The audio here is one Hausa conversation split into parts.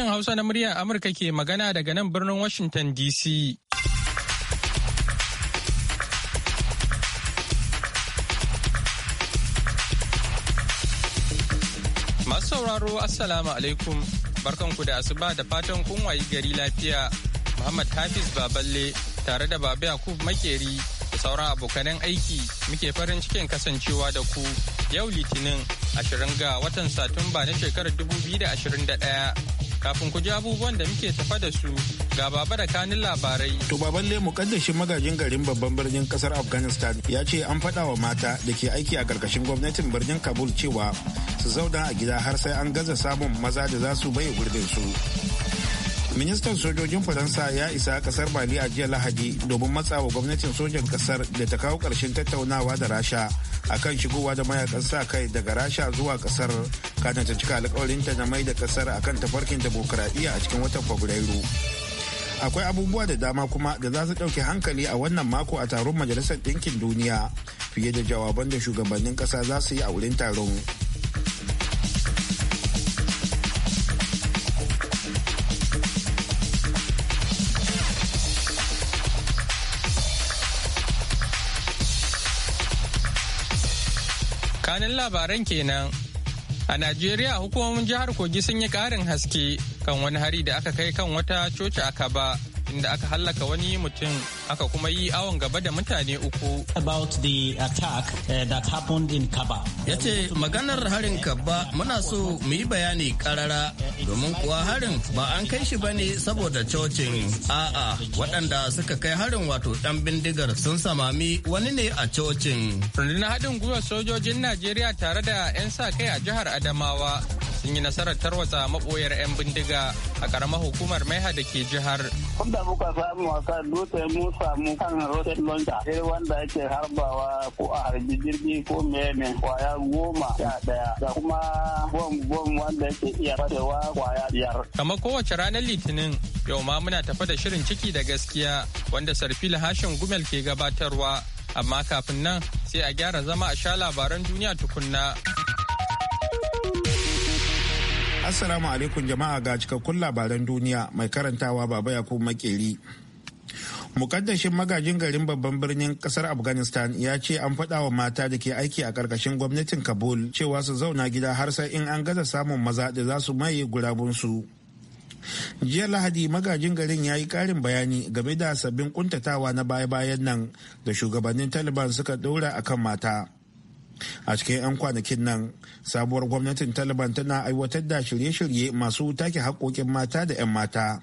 Sashen Hausa na muryar Amurka ke magana daga nan birnin Washington DC. Masu sauraro Assalamu alaikum barkanku da asuba da fatan kun wayi gari lafiya Muhammad Hafiz Baballe tare da Babu Yakub Makeri da sauran abokanan aiki muke farin cikin kasancewa da ku yau Litinin 20 ga watan Satumba na shekarar 2021 Kafin ku ji abubuwan da muke tafa da su ga baba da kanin labarai. To baban le mukaddashin magajin garin babban birnin kasar Afghanistan ya ce an faɗa wa mata da ke aiki a ƙarƙashin gwamnatin birnin Kabul cewa su zauna a gida har sai an gaza samun maza da za su bai gurbin su. ministan sojojin faransa ya isa kasar bali a jiya lahadi domin matsawa gwamnatin sojan kasar da ta kawo karshen tattaunawa da rasha akan shigowa da mayakan sa kai daga rasha zuwa kasar kana ta cika alkawarinta na mai da kasar akan tafarkin demokuraɗiyya a cikin watan fabrairu akwai abubuwa da dama kuma da za su ɗauke hankali a wannan mako a taron majalisar ɗinkin duniya fiye da jawaban da shugabannin ƙasa za su yi a wurin taron kanin labaran kenan a najeriya hukumomin jihar kogi sun yi karin haske kan wani hari da aka kai kan wata coci a kaba inda aka hallaka wani mutum aka kuma yi awon gaba da mutane uku. About the attack eh, that happened in Kaba. Ya ce maganar harin Kaba muna so mu yi bayani karara domin kuwa harin ba an kai shi bane saboda cocin a'a waɗanda suka kai harin wato ɗan bindigar sun samami wani ne a cocin. Rundunar haɗin gwiwar sojojin Najeriya tare da 'yan sa kai a jihar Adamawa sun yi nasarar tarwatsa maboyar 'yan bindiga a karamar hukumar maiha da ke jihar. Wanda muka samu a kan dutse mun samu kan rocket launcher sai wanda ake harbawa ko a harbi jirgi ko mene kwaya goma sha daya da kuma bom bom wanda yake iya fadewa kwaya biyar. Kamar kowace ranar litinin yau ma muna tafa da shirin ciki da gaskiya wanda sarfila hashin gumel ke gabatarwa amma kafin nan sai a gyara zama a sha labaran duniya tukunna. Assalamu alaikum jama'a ga cikakkun labaran duniya mai karantawa baba ya kuma makeri. Mukaddashin magajin garin babban birnin kasar Afghanistan ya ce an faɗa wa mata da ke aiki a ƙarƙashin gwamnatin Kabul cewa su zauna gida har sai in an gaza samun maza da za su maye gurabunsu. jiya lahadi magajin garin ya yi karin bayani game da sabbin kuntatawa na baya-bayan nan da shugabannin taliban suka ɗora kan mata a cikin 'yan kwanakin nan sabuwar gwamnatin taliban tana aiwatar da shirye-shirye masu take haƙoƙin mata da 'yan mata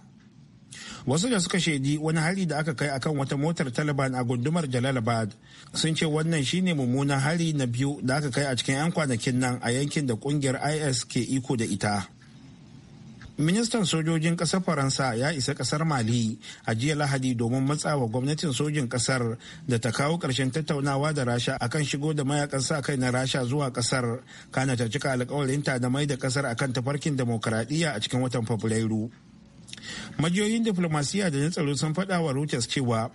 wasu da suka shaidi wani hari da aka kai akan wata motar taliban a gundumar jalalabad sun ce wannan shine mummunan hari na biyu da aka kai a cikin 'yan kwanakin nan a yankin da kungiyar is ke iko da ita ministan sojojin ƙasar faransa ya isa ƙasar mali a jiya lahadi domin matsawa gwamnatin sojin ƙasar da ta kawo ƙarshen tattaunawa da rasha akan shigo da mayakan sa kai na rasha zuwa ƙasar kana ta cika ta da mai da ƙasar akan tafarkin demokaradiyya a cikin watan fabrairu majiyoyin diflomasiya da na tsaro sun faɗa wa reuters cewa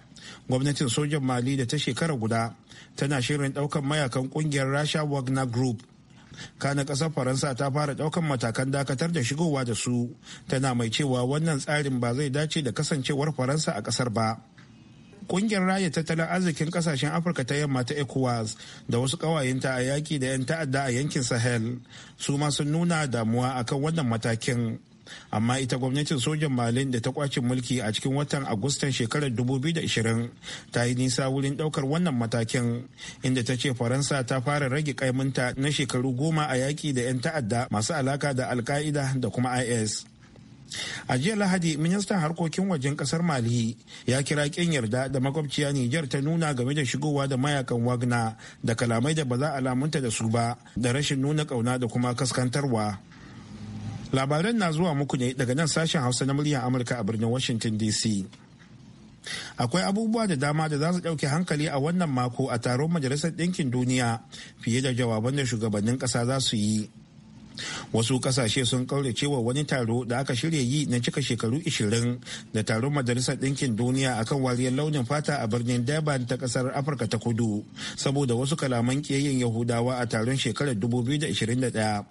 gwamnatin sojan mali da ta shekara guda tana shirin ɗaukar mayakan ƙungiyar rasha wagner group kana ƙasar faransa ta fara ɗaukan matakan dakatar da shigowa da su tana mai cewa wannan tsarin ba zai dace da kasancewar faransa a ƙasar ba kungiyar raya tattalin arzikin kasashen afirka ta yamma ta ecowas da wasu kawayenta a yaki da 'yan ta'adda a yankin sahel su ma sun nuna damuwa akan wannan matakin amma ita gwamnatin sojan malin da ta kwace mulki a cikin watan agustan shekarar 2020 ta yi nisa wurin daukar wannan matakin inda ta ce faransa ta fara rage kaiminta na shekaru goma a yaki da 'yan ta'adda masu alaka da alka'ida da kuma is a jiya lahadi ministan harkokin wajen kasar mali ya kira kin yarda da makwabciya nijar ta nuna game da shigowa da mayakan wagna da kalamai da ba za a lamunta da su ba da rashin nuna kauna da kuma kaskantarwa labaran na zuwa muku ne daga nan sashen hausa na muryar amurka a birnin washington dc akwai abubuwa da dama da za su ɗauke hankali a wannan mako a taron majalisar ɗinkin duniya fiye da jawaban da shugabannin ƙasa za su yi wasu kasashe sun kaurace wa wani taro da aka shirya yi na cika shekaru 20 da taron majalisar ɗinkin duniya akan wariyar launin fata a birnin durban ta ƙasar afirka ta kudu saboda wasu kalaman ƙiyayyen yahudawa a taron shekarar 2021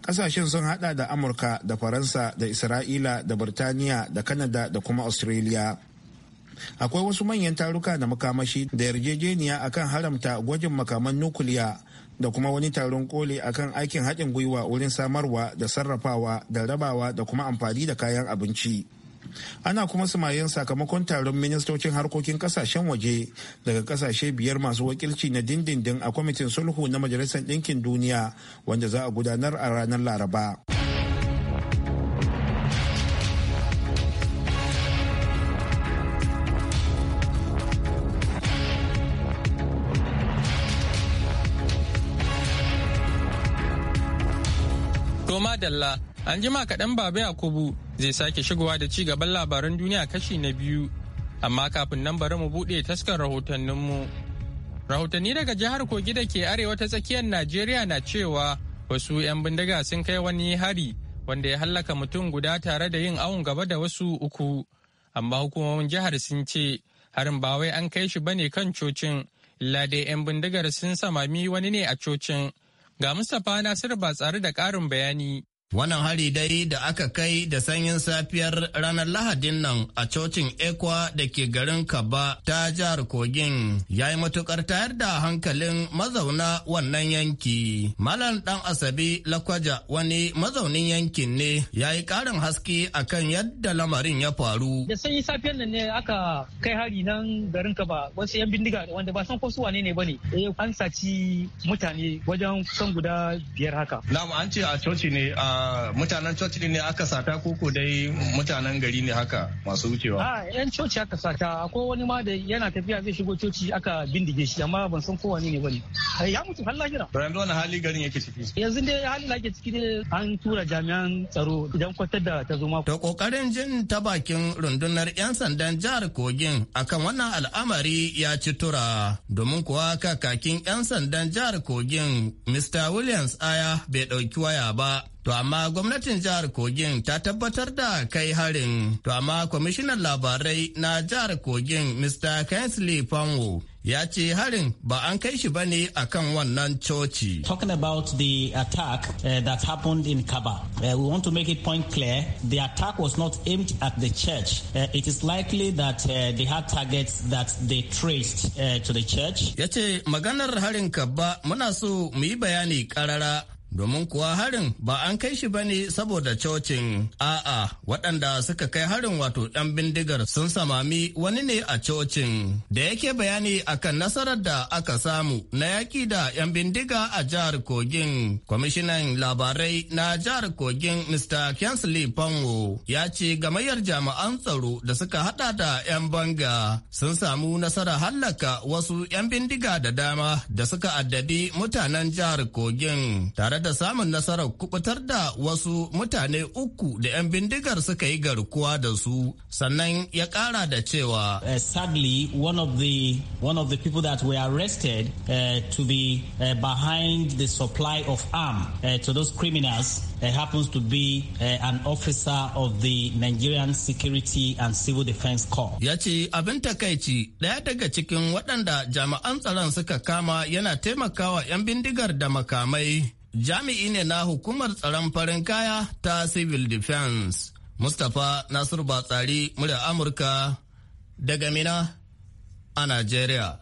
Kasashen sun hada da Amurka da Faransa da Isra'ila da Birtaniya da Kanada da kuma Australia. Akwai wasu manyan taruka da makamashi da yarjejeniya akan haramta gwajin makaman nukuliya da kuma wani taron koli akan aikin haɗin gwiwa wurin samarwa da sarrafawa da rabawa da kuma amfani da kayan abinci. ana kuma sumayen sakamakon taron ministocin harkokin kasashen waje daga kasashe biyar masu wakilci na dindindin a kwamitin sulhu na majalisar ɗinkin duniya wanda za a gudanar a ranar laraba Toma Dalla, an jima kaɗan Baba Yakubu zai sake shigowa da ci gaban labaran duniya kashi na biyu amma kafin nan bari mu buɗe taskar mu. rahotanni daga jihar kogi da ke arewa ta tsakiyar najeriya na cewa wasu 'yan bindiga sun kai wani hari wanda ya hallaka mutum guda tare da yin awon gaba da wasu uku amma hukumomin jihar sun ce harin ba wai an kai shi bane kan cocin illa dai 'yan bindigar sun samami wani ne a cocin ga mustapha nasiru ba tsare da ƙarin bayani Wannan hari dai da aka kai da sanyin safiyar ranar Lahadin nan a cocin Ekwa da ke garin Kaba ta jihar Kogin ya yi matukar tayar da hankalin mazauna wannan yanki. Malam ɗan Asabi Lakwaja wani mazaunin yankin ne ya yi ƙarin haske akan yadda lamarin ya faru. Da sanyin safiyar nan ne aka kai hari nan garin Kaba wasu 'yan bindiga wanda ba san ko su wane ne bane. Eh, an saci mutane wajen kusan guda biyar haka. Na'am an ce a coci ne a mutanen coci ne aka sata koko dai mutanen gari ne haka masu wucewa a ah, yan coci aka sata akwai wani ma da yana tafiya zai shigo coci aka bindige shi amma ban san kowane ne bane eh, ya mutu har lahira to yanzu wani hali garin yake ciki yanzu dai hali da ke ciki ne an tura jami'an tsaro idan kwatar da ta zo mako. to kokarin jin ta bakin rundunar yan sandan jihar Kogin akan wannan al'amari ya ci tura domin kuwa kakakin yan sandan jihar Kogin Mr. Williams Aya bai ɗauki waya ba To amma gwamnatin jihar Kogin ta tabbatar da kai harin. To amma kwamishinan labarai na jihar Kogin Mr. Kensley Fanwo ya ce harin ba an kai shi ba ne a kan wannan coci. Talking about the attack uh, that happened in Kaba, uh, we want to make it point clear the attack was not aimed at the church. Uh, it is likely that uh, they had targets that they traced uh, to the church. Ya ce maganar harin Kaba muna so mu yi bayani karara domin kuwa harin ba an kai shi bane saboda cocin a'a waɗanda suka kai harin wato ɗan bindigar sun samami wani ne a cocin da yake bayani akan nasarar da aka samu na yaƙi da 'yan bindiga a jihar kogin kwamishinan labarai na jihar kogin mr kensley panwo ya ce gamayyar jami'an tsaro da suka hada da 'yan banga sun samu nasarar hallaka wasu 'yan bindiga da dama da suka addabi mutanen jihar kogin tare da samun nasarar kubutar da wasu mutane uku da 'yan bindigar suka yi garkuwa da su sannan ya kara da cewa uh, sadly one of the one of the people that were arrested uh, to be uh, behind the supply of arm uh, to those criminals uh, happens to be uh, an officer of the Nigerian Security and Civil Defense Corps. Ya ce abin takaici ɗaya daga cikin waɗanda jami'an tsaron suka kama yana taimakawa 'yan bindigar da makamai Jami'i ne na hukumar tsaron farin kaya ta Civil Defense, Mustapha Nasiru Batsari, murya Amurka daga Mina a Najeriya.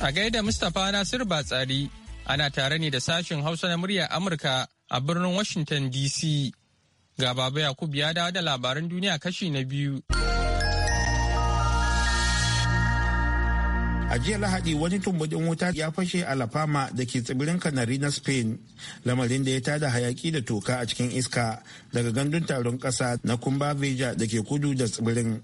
A gaida Mustapha Nasir Batsari ana tare ne da sashen Hausa na murya Amurka a birnin Washington DC. Ga Baba Yakub ya dawo da labaran duniya kashi na biyu. a jiya lahadi wani tumbudin wuta ya fashe a lafama da ke tsibirin kanari na spain lamarin da ya tada hayaki da toka a cikin iska daga gandun taron ƙasa na kumba veja da ke kudu da tsibirin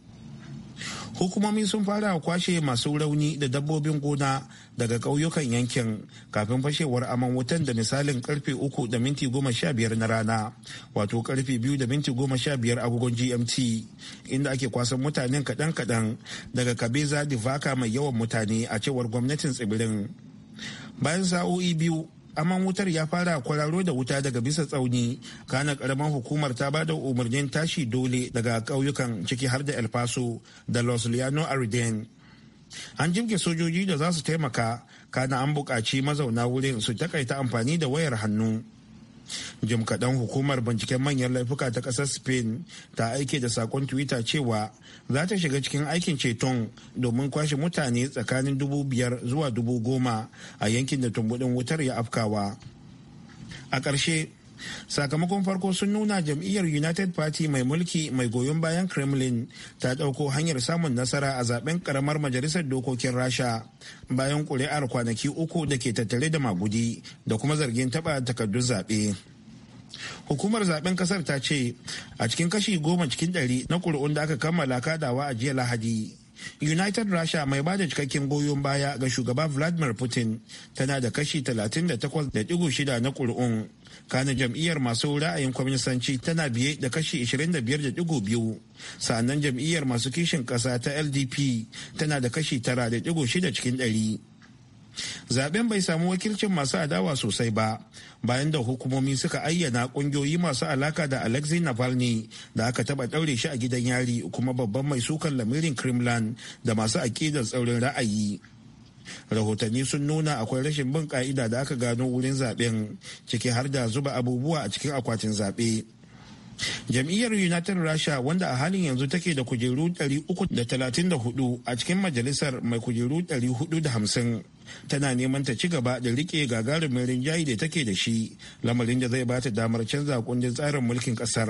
hukumomi sun fara kwashe masu rauni da dabbobin gona daga ƙauyukan yankin kafin fashewar aman wutan da misalin karfe 3 da minti goma sha na rana wato karfe biyu da minti goma sha biyar agogon gmt inda ake kwasan mutanen kaɗan-kaɗan daga kabeza divaka mai yawan mutane a cewar gwamnatin tsibirin bayan sa'o'i biyu aman wutar ya fara kwararo da wuta daga bisa tsauni kana karamar hukumar ta ba da umarnin tashi dole daga ƙauyukan ciki har da el paso da los liano arden an jirge sojoji da za su taimaka kana an buƙaci mazauna wurin su takaita amfani da wayar hannu jim kaɗan hukumar binciken manyan laifuka ta ƙasar spain ta aike da sakon twitter cewa za ta shiga cikin aikin ceton domin kwashe mutane tsakanin dubu biyar zuwa dubu goma a yankin da tumbudin wutar ya afkawa a ƙarshe sakamakon farko sun nuna jam'iyyar united party mai mulki mai goyon bayan kremlin ta ɗauko hanyar samun nasara a zaben karamar majalisar dokokin rasha bayan ƙuri'ar kwanaki uku da ke tattare da magudi da kuma zargin taɓa takardun zaɓe hukumar zaben kasar ta ce a cikin kashi goma cikin ɗari na ƙuri'un da aka kammala kadawa a jiya lahadi united russia mai ba da cikakken goyon baya ga shugaba vladimir putin tana da kashi 38.6 na ƙuri'un kana jam'iyyar masu ra'ayin kwaminisanci tana biye da kashi 25.2 sannan jam'iyyar masu kishin ƙasa ta ldp tana da kashi 9.6 cikin 100 zaben bai samu wakilcin masu adawa sosai ba bayan da hukumomi suka ayyana kungiyoyi masu alaka da alexei navalny da aka taba daure shi a gidan yari kuma babban mai sukan lamirin kremlin da masu aƙidar tsaurin ra'ayi rahotanni sun nuna akwai rashin bin ka'ida da aka gano wurin zaben ciki har da zuba abubuwa a cikin akwatin zaɓe. jam'iyyar united russia wanda a halin yanzu take da kujeru 334 a cikin majalisar mai kujeru 450 tana neman ta ci gaba da rike gagarumin rinjaye da take da shi lamarin da zai bata damar canza kundin tsarin mulkin kasar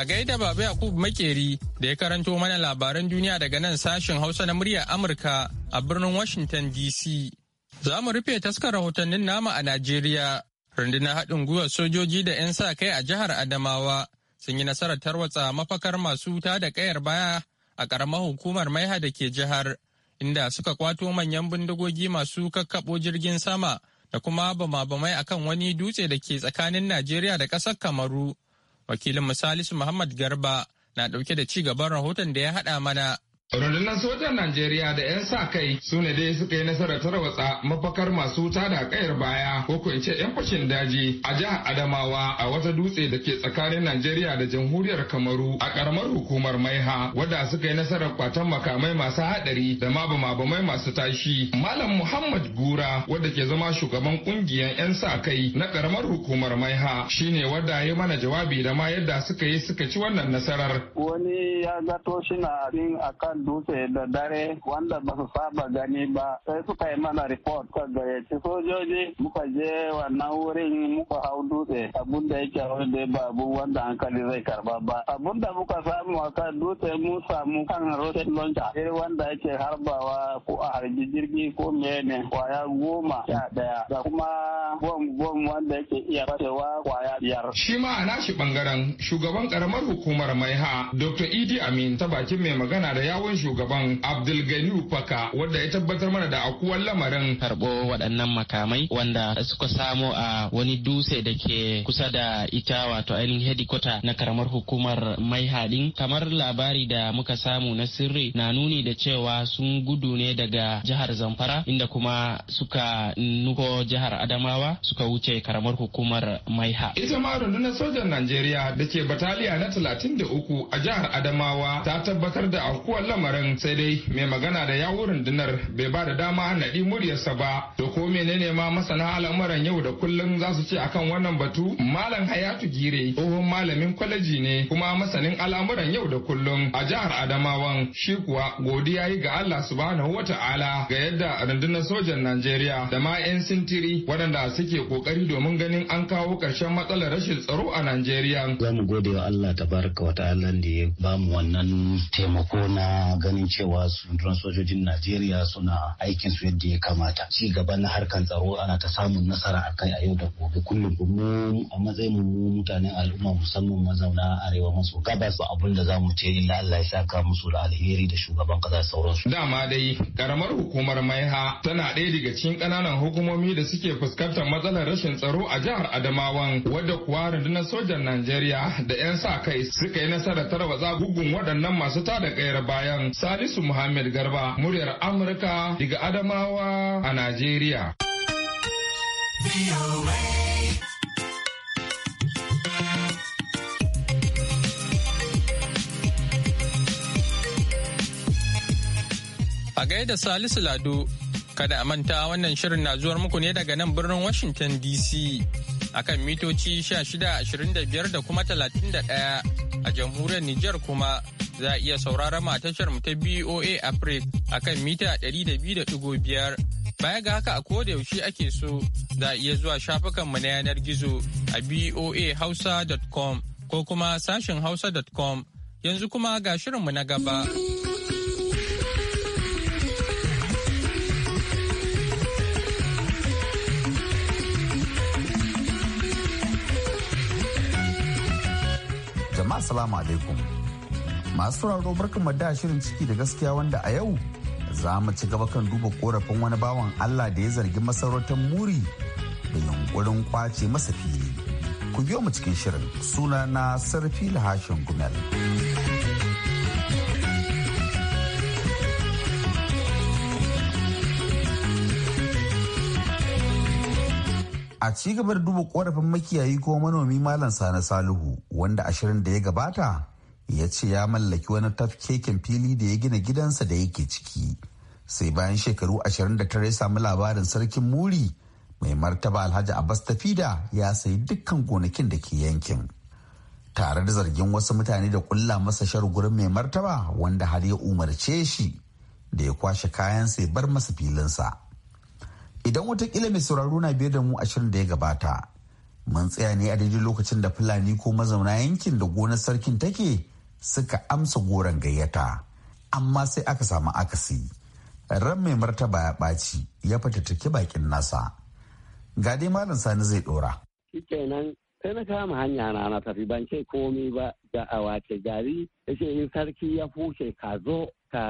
A gaida Baba Yakubu Makeri da ya karanto mana labaran duniya daga nan sashen Hausa na muryar Amurka a birnin Washington DC. Za mu rufe taskar rahotannin nama a Najeriya. Rundunar haɗin gwiwar sojoji da 'yan sa kai a jihar Adamawa sun yi nasarar tarwatsa mafakar masu wuta da kayar baya a ƙaramar hukumar Maiha da ke jihar, inda suka kwato manyan bindigogi masu kakkaɓo jirgin sama da kuma bama-bamai akan wani dutse da ke tsakanin Najeriya da ƙasar Kamaru. Wakilin Misalisu Muhammad Garba na dauke da ci gaban rahoton da ya haɗa mana Rundunar sojan Najeriya da 'yan sa-kai su ne dai suka yi nasarar tarwatsa mafakar masu wuta da kayar baya ko ko ce 'yan fashin daji a jihar Adamawa a wata dutse da ke tsakanin Najeriya da jamhuriyar Kamaru a karamar hukumar Maiha wadda suka yi nasarar kwatan makamai masu hadari da mabamabamai masu tashi. Malam Muhammad Gura wadda ke zama shugaban kungiyar 'yan sa-kai na karamar hukumar Maiha shi ne wadda ya mana jawabi da ma yadda suka yi suka ci wannan nasarar. Wani ya zato shi na kan dutse da dare wanda ba su saba gani ba sai suka yi mana report ka gayyaci sojoji muka je wannan wurin muka hau dutse abun da yake da ba abun wanda hankali zai karba ba abun da muka samu a kan dutse mun samu kan rocket launcher irin wanda yake harbawa ko a harbi jirgi ko mene kwaya goma sha daya da kuma bom bom wanda yake iya fashewa kwaya biyar. shi ma a nashi bangaren shugaban karamar hukumar mai ha dr idi amin ta bakin mai magana da yawon tsohon shugaban Abdulganiyu Faka wanda ya tabbatar mana da akuwan lamarin. Karɓo waɗannan makamai wanda suka samo a wani dutse da ke kusa da ita wato ainihin hedikwata na karamar hukumar mai hadin kamar labari da muka samu na sirri na nuni da cewa sun gudu ne daga jihar zamfara inda kuma suka nufo jihar adamawa suka wuce karamar hukumar maiha ita ma rundunar sojan najeriya da ke bataliya na 33 a jihar adamawa ta tabbatar da lamarin. al'amarin sai dai mai magana da yawun rundunar bai ba da dama a naɗi muryarsa ba to ko menene ma masana al'amuran yau da kullum za su ce akan wannan batu malam hayatu gire tsohon malamin kwaleji ne kuma masanin al'amuran yau da kullum a jihar adamawan shi kuwa godiya yi ga allah subhanahu wata'ala ga yadda rundunar sojan najeriya da ma 'yan sintiri waɗanda suke kokari domin ganin an kawo ƙarshen matsalar rashin tsaro a najeriya zamu gode wa allah tabaraka wata da ya bamu wannan taimako na ganin cewa sunan sojojin Najeriya suna aikin su yadda ya kamata. Ci gaba na harkan tsaro ana ta samun nasara a kai a yau da gobe kullum. Mu a matsayin mu mutanen al'umma musamman mazauna arewa maso gabas ba abin da zamu ce illa Allah ya saka musu da alheri da shugaban kasa sauransu. Dama dai karamar hukumar Maiha tana ɗaya daga cikin ƙananan hukumomi da suke fuskantar matsalar rashin tsaro a jihar Adamawan wadda kuwa rundunar sojan Najeriya da 'yan sa kai suka yi nasarar tarwatsa gugun waɗannan masu tada kayar baya bayan Salisu Muhammad Garba muryar Amurka daga Adamawa a Najeriya. A gaida Salisu Lado, kada a manta wannan shirin na zuwar muku ne daga nan birnin Washington DC. akan mitoci 25 da kuma 31 a jamhuriyar Nijar kuma za a iya sauraron tashar mu ta BOA Africa kan mita 200.5 baya ga haka a koda yaushe ake so za a iya zuwa shafukan mu na yanar gizo a boahausa.com ko kuma sashin hausa.com yanzu kuma ga shirin mu na gaba. jama'a salamu alaikum masu sauraro barkanmu da shirin ciki da gaskiya wanda a yau za mu ci gaba kan duba korafin wani bawan Allah da ya zargi masarautar muri da yunkurin kwace masa fili. Ku biyo mu cikin shirin suna na sarfi lahashin gumel. A ci gaba da duba korafin makiyayi ko manomi Malam Sani Salihu wanda ashirin da ya gabata ya ce ya mallaki wani tafkekin fili da ya gina gidansa da yake ciki sai bayan shekaru ashirin 29 ya samu labarin sarkin muri mai martaba alhaji abbas tafida ya sayi dukkan gonakin da ke yankin tare da zargin wasu mutane da kulla masa shar gurin mai martaba wanda har ya umarce shi da ya kwashe kayan sai bar masa filinsa idan watakila mai sauraro na biyar da mu ashirin da ya gabata mun tsaya ne a daidai lokacin da fulani ko mazauna yankin da gonar sarkin take suka amsa goron gayyata amma sai aka samu akasi ran mai martaba ya ɓaci ya fatattaki bakin nasa ga dai malam sani zai ɗora. kenan sai na kama hanya na na tafi ban ce komi ba da a wace gari ya ce in sarki ya fushe ka zo ka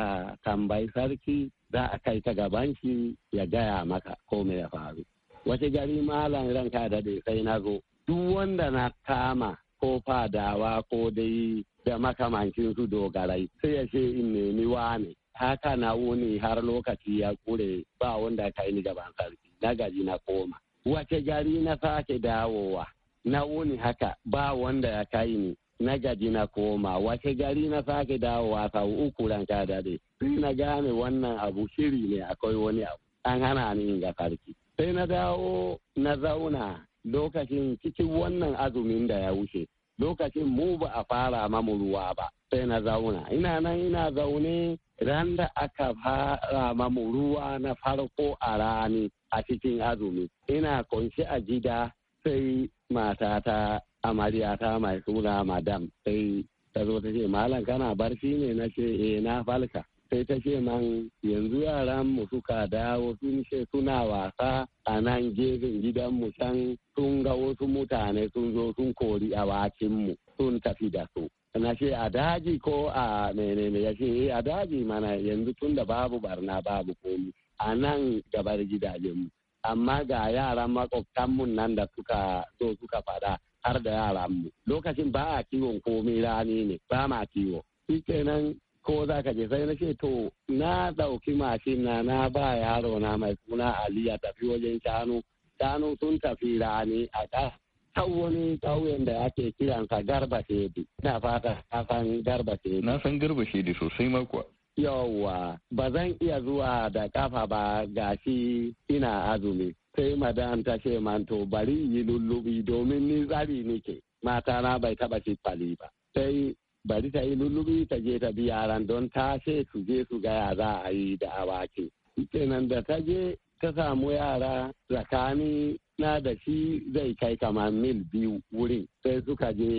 tambayi sarki za a kai ta gaban shi ya gaya maka komai ya faru wace gari malam ranka da dai sai na zo duk wanda na kama ko fadawa ko dai da makamancin su dogarai sai ya ce in nemi wane haka na wuni har lokaci ya kure ba wanda ka yi gaban sarki na gaji na koma wace gari na sake dawowa na wuni haka ba wanda ya kai ni na gaji na koma wace gari na sake dawowa sau uku ka dade sai na gane wannan abu shiri ne akwai wani abu an hana ni ga sarki sai na dawo na zauna lokacin cikin wannan azumin da ya wuce lokacin mu ba a fara mamu ruwa ba sai na zauna ina nan ina zaune ran da aka fara mamu ruwa na farko a rani a cikin azumi ina kunshi a gida sai matata amaryata mai suna madam sai ta zo ta ce malam kana barci ne na ce eh na falka sai ta ce man yanzu yaran mu suka dawo sun ce suna wasa a nan gefen gidanmu mu can sun ga wasu mutane sun zo sun kori wakin mu sun tafi da su na ce a daji ko a menene ya ce eh, a daji mana yanzu tun da babu barna babu komi a nan gabar gidajenmu amma ga yaran makwabtanmu nan da suka so suka fada har da yaranmu lokacin ba a kiwon komai rani ne ba ma kiwo shi kenan ko za ka je sai na ce to na ɗauki mashin na na ba yaro na mai suna Ali ya tafi wajen shanu shanu sun tafi rani a ƙasa kan wani ƙauyen da ake kiransa garba shedi na fata ka garba shedi na san garba shedi sosai ma kuwa yawwa ba zan iya zuwa da kafa ba ga shi. ina azumi sai madan ta ce manto bari yi lullubi domin ni tsari nike mata na bai taba shi ba sai bari ta yi lullubi ta je ta bi yaran don ta ce su je su gaya za a yi da awake kenan da ta je ta samu yara tsakani na da shi zai kai kamar mil biyu wurin sai suka je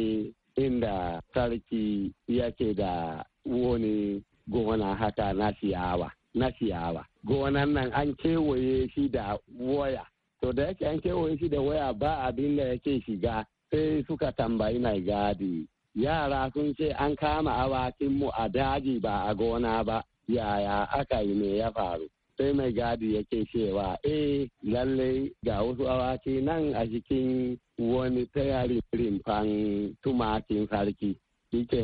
inda sarki yake da wani gona haka na ciyawa na ciyawa gonan nan an kewaye shi da waya to da yake an kewaye shi da waya ba abin da yake shiga sai suka tambayi mai gadi yara sun ce an kama mu a daji ba a gona ba yaya aka yi me ya faru sai mai gadi yake cewa eh lallai ga wasu awaki nan a cikin wani tayari rimfan tumakin sarki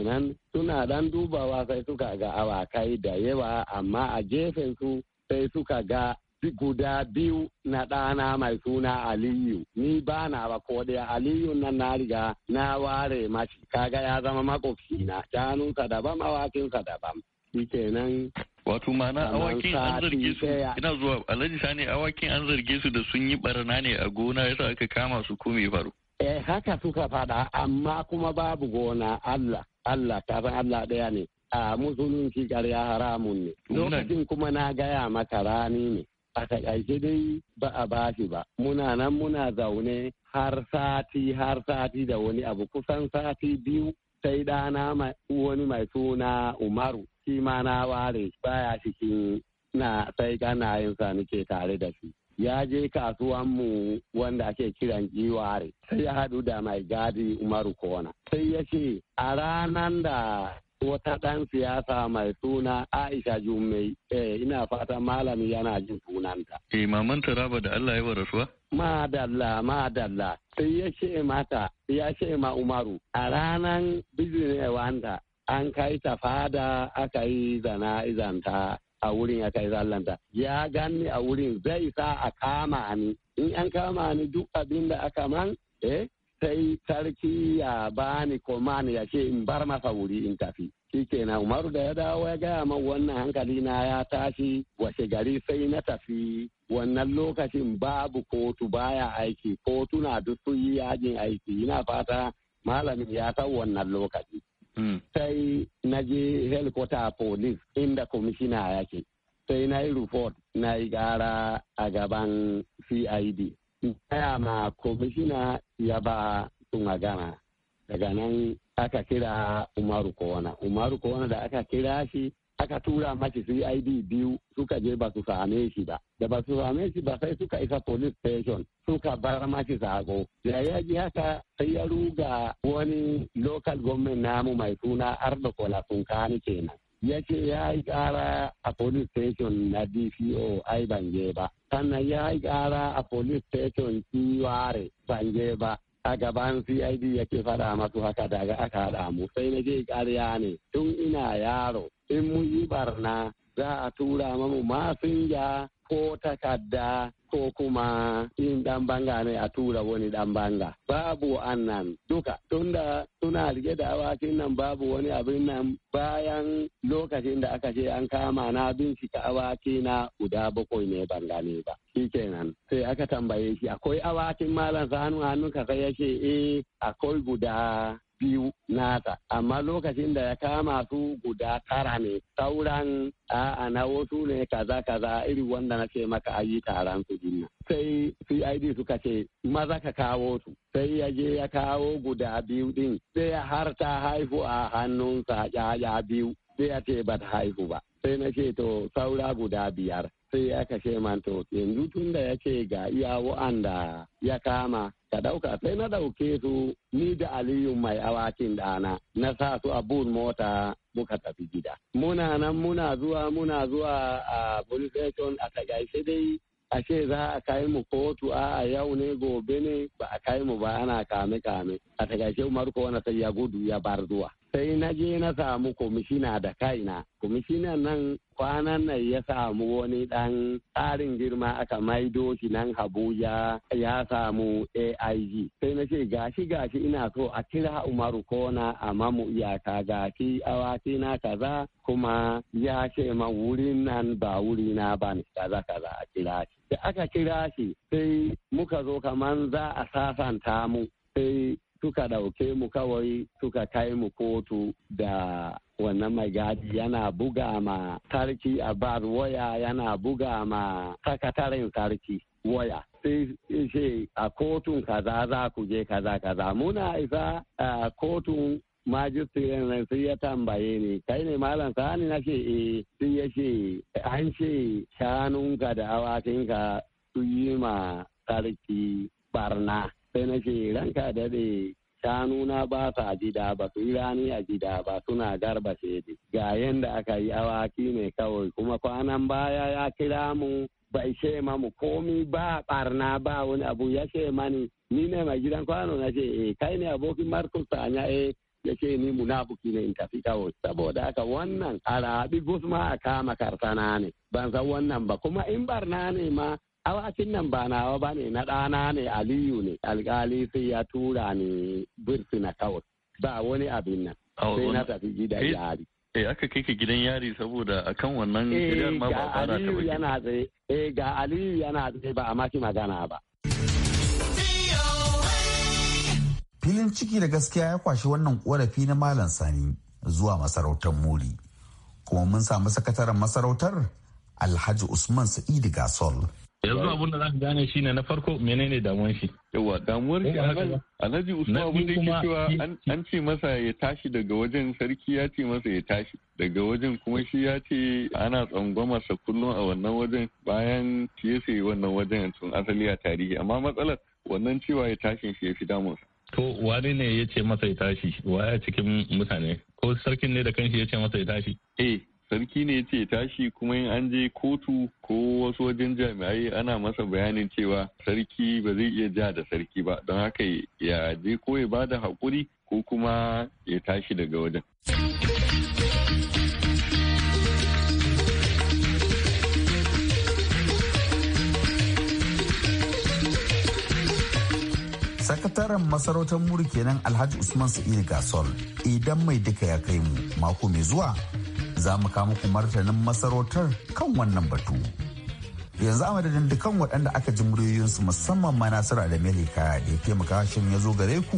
nan suna dan dubawa sai suka ga awakai da yawa amma a gefen su sai suka ga guda biyu na ɗana mai suna Aliyu. Ni ba na ba ko da Aliyu nan na riga na ware mashi. Kaga ya zama makofi na shanunsa daban, awakinsa daban. Shi nan! Wato mana awakin an zarge su ina zuwa alhaji sani awakin an zarge su da sun yi barna ne a gona yasa aka kama su kome faru. Eh haka suka faɗa amma kuma babu gona Allah Allah ta san Allah ɗaya ne a musulunci ƙarya haramun ne. Lokacin kuma na gaya maka rani ne. a takaice dai ba a bashi ba muna nan muna zaune har sati har sati da wani abu kusan sati biyu sai dana wani mai suna umaru shi ma na ware baya cikin na sai gana yin sa nake tare da shi ya je kasuwan mu wanda ake kiran giware sai ya haɗu da mai gadi umaru kona sai ya ce a ranar da wata ɗan siyasa mai suna Aisha Jummai eh ina fata malami yana jin sunanta. Eh maman Taraba da Allah ya wa rasuwa? Madalla madalla sai ya ce mata ya ce ma Umaru a ranar business wanda an kai ta fada aka yi zana izanta a wurin ya kai zallanta ya ganni a wurin zai sa a kama ni in an kama ni duk abin da aka man eh, sai sarki ya bani komani ya ce in bar masa wuri in tafi kenan umaru da ya dawo ya gaya man wannan hankali na ya tashi washe gari sai na tafi wannan lokacin babu kotu baya aiki kotuna duk sun yi yajin aiki ina fata malamin ya san wannan lokaci hmm. sai na je helikota police inda kwamishina yake sai na yi report na yi gara a gaban cid taya ma komishina ya ba su magana daga nan aka kira umaru kowana umaru kowana da aka kira shi aka tura mashi cid biyu suka je ba su same shi ba da ba su same shi ba sai suka isa police station suka bar mashi zago da ya ji haka sai ya ruga wani local government namu mai suna arda kola sun kani kenan ya ce ya yi kara a police station na dco ai ban ba sannan ya yi kara a police station tiware ban ba a gaban cid ke faɗa masu haka daga aka haɗa mu sai na je ƙarya ne tun ina yaro in mu yi barna za a tura mamu masinja ko takarda ko kuma yin dan banga ne a tura wani dan banga babu annan duka tunda suna rike da awakin nan babu wani abin nan bayan lokacin da aka ce an kama na bincika awaki na guda bakwai ne banga ne ba shikenan sai aka tambaye shi akwai awakin malam sa hannu hannun ka sai ya ce eh akwai guda biyu nasa amma lokacin da ya kama su guda tara ne sauran a'a na wasu ne kaza kaza iri wanda na ce maka ayi taron su dinnan sai cid suka ce maza ka kawo su sai ya je ya kawo guda biyu din sai har ta haihu a hannunsa ya biyu sai ya ce ba ta haihu ba sai na ce to saura guda biyar sai ya kashe man to yanzu tun da ya ce ga iya wa'anda ya kama ka ɗauka sai na ɗauke su ni da aliyu mai awakin dana na sa su a bun mota muka tafi gida muna nan muna zuwa muna zuwa a police station a gaishe dai ce za a kai mu kotu a yau ne gobe ne ba a kai mu ba ana kame kame a gaishe umar ko wani sai ya gudu ya bar zuwa sai na je na samu komishina da kaina komishinan nan kwanan nan ya samu wani dan tsarin girma aka maido shi nan Habuja ya samu AIG sai na ce gashi gashi ina so a kira Umaru Kona a mamu iyaka gashi awaki na kaza kuma ya ce ma wurin nan ba wuri na ba ne kaza kaza a kira shi da aka kira shi sai muka zo kaman za a sasanta mu sai suka ɗauke mu kawai suka kai mu kotu da wannan mai gadi yana buga ma sarki a bar waya yana buga ma sakataren sarki waya sai ce a kotun kaza za ku je kaza kaza muna isa a kotun majistirin nan sai ya tambaye ne kai ne malam sani na ce eh sai ya ce an ce shanunka da awakinka su yi ma sarki barna sai na ce ranka daɗe na ba a gida ba su yi rani a gida ba suna garba sai ga yadda aka yi awaki ne kawai kuma kwanan baya ya kira mu bai ce mu komi ba barna ba wani abu ya ce mani ni ne mai gidan kwano na ce eh kai ne abokin markus sanya eh ya ce ni munafuki ne in tafi kawai saboda haka wannan arabi gusma a kama kartana ne ban san wannan ba kuma in barna ne ma awakin nan ba nawa ba ne na ɗana ne aliyu ne Alƙali sai ya tura ni na kawai ba wani abin nan sai na tafi gidan yari eh aka kai ka gidan yari saboda akan wannan eh, gidan ma ba fara ta ba yana tsaye eh ga aliyu yana tsaye ba a maki magana ba filin ciki da gaskiya ya kwashi wannan korafi na malam sani zuwa masarautar muri kuma mun samu sakataren masarautar alhaji usman sa'idu gasol yanzu abin da za ka gane shine na farko menene damuwar shi yawa damuwar shi alhaji usman abin da yake cewa an ce masa ya tashi daga wajen sarki ya ce masa ya tashi daga wajen kuma shi ya ce ana tsangwamarsa kullum a wannan wajen bayan kiyese wannan wajen tun asali a tarihi amma matsalar wannan cewa ya tashin shi ya fi damunsa To wani ne ya ce masa ya tashi, waya cikin mutane, ko sarkin ne da kanshi ya ce masa ya tashi? Eh, sarki ne ce tashi kuma in an je kotu ko wasu wajen jami'ai ana masa bayanin cewa sarki ba zai iya ja da sarki ba don haka ya je ko ya ba da haƙuri ko kuma ya tashi daga wajen. sakataren masarautar muri kenan alhaji usman sa'id gasol idan mai duka ya kai mu mako mai zuwa za mu kawo muku martanin masarautar kan wannan batu. yanzu a madadin dukan waɗanda aka ji muryoyinsu musamman ma nasiru da melika da ya taimaka hashin ya zo gare ku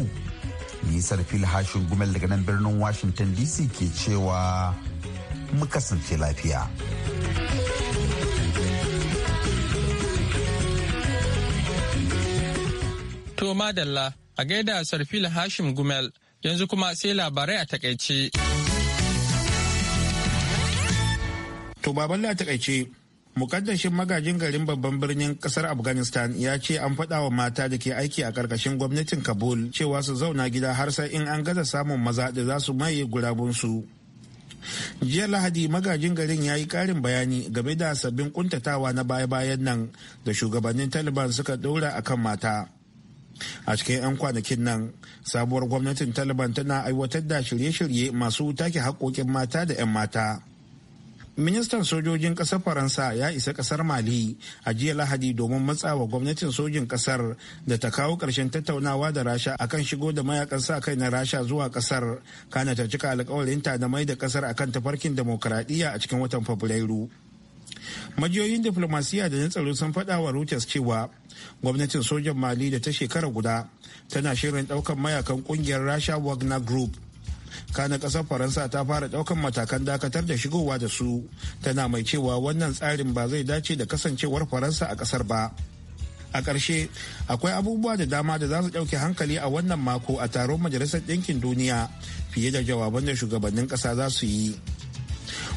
nisar fil hashin gumel daga nan birnin washington dc ke cewa mu kasance lafiya to madalla a gaida sarfil hashim gumel yanzu kuma sai labarai a takaice. To baban la takaice mukaddashin magajin garin babban birnin kasar afghanistan ya ce an faɗa wa mata da ke aiki a ƙarƙashin gwamnatin kabul cewa su zauna gida har sai in an gaza samun maza da za su maye gurabunsu jiya lahadi magajin garin ya yi ƙarin bayani game da sabbin kuntatawa na baya-bayan nan da shugabannin taliban suka ɗora a kan mata a cikin 'yan kwanakin nan sabuwar gwamnatin taliban tana aiwatar da shirye-shirye masu take haƙoƙin mata da 'yan mata ministan sojojin ƙasar faransa ya isa ƙasar mali a jiya lahadi domin matsawa gwamnatin sojin ƙasar da ta kawo ƙarshen tattaunawa da rasha akan shigo da mayakan sa kai na rasha zuwa ƙasar kana ta cika alkawarinta da mai da ƙasar akan tafarkin demokradiyya a cikin watan fabrairu majiyoyin diflomasiya da na tsaro sun faɗa wa Reuters cewa gwamnatin sojan mali da ta shekara guda tana shirin ɗaukar mayakan ƙungiyar rasha wagner group kana kasar faransa ta fara daukan matakan dakatar da shigowa da su tana mai cewa wannan tsarin ba zai dace da kasancewar faransa a kasar ba a ƙarshe akwai abubuwa da dama da za su ɗauke hankali a wannan mako a taron majalisar ɗinkin duniya fiye da jawaban da shugabannin ƙasa za su yi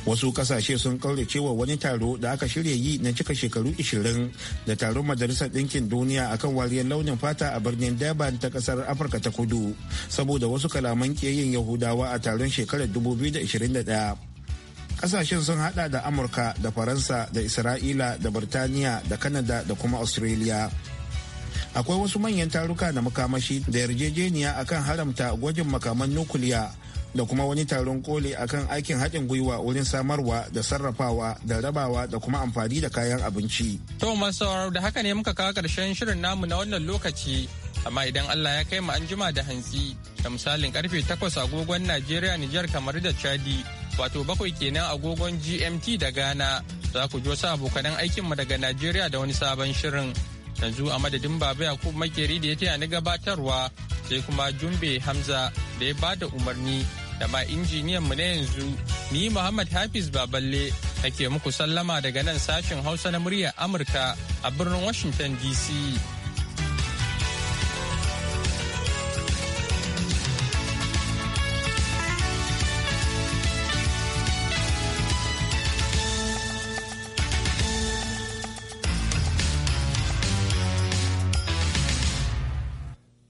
wasu kasashe sun kaure cewa wani taro da aka shirya yi na cika shekaru 20 da taron majalisar ɗinkin duniya akan wariyar launin fata a birnin durban ta ƙasar afirka ta kudu saboda wasu kalaman keyin yahudawa a taron shekarar 2021 kasashen sun hada da amurka da faransa da isra'ila da birtaniya da kanada da kuma australia akwai wasu manyan taruka na makamashi da yarjejeniya akan haramta gwajin makaman nukuliya da kuma wani taron koli akan aikin haɗin gwiwa wurin samarwa da sarrafawa da rabawa da kuma amfani da kayan abinci. To masu da haka ne muka kawo ƙarshen shirin namu na wannan lokaci. Amma idan Allah ya kai mu an jima da hantsi da misalin karfe takwas agogon Najeriya Nijar kamar da Chadi wato bakwai kenan agogon GMT da Ghana za ku jo sa abokanan mu daga Najeriya da wani sabon shirin. yanzu a madadin baba yakubu makeri da ya taya ni gabatarwa sai kuma jumbe hamza da ya bada umarni da ma injiniyan mu na yanzu ni Muhammad Hafiz Baballe ake muku sallama daga nan sashin Hausa na murya Amurka a birnin Washington DC.